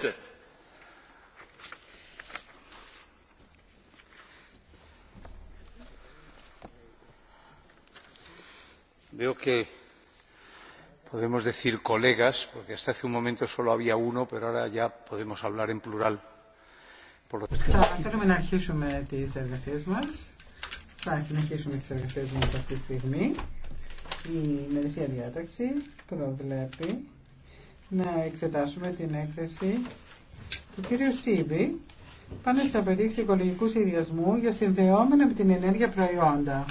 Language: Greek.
zetten. Veo que podemos decir colegas, porque hasta hace un momento solo había uno, pero ahora ya podemos hablar en plural. Θέλουμε να αρχίσουμε τις εργασίες μας. Θα συνεχίσουμε τις εργασίες μας αυτή τη στιγμή. Η μερισσία διάταξη προβλέπει να εξετάσουμε την έκθεση του κύριου Σίβη πάνω στις απαιτήσεις οικολογικού σχεδιασμού για συνδεόμενα με την ενέργεια προϊόντα.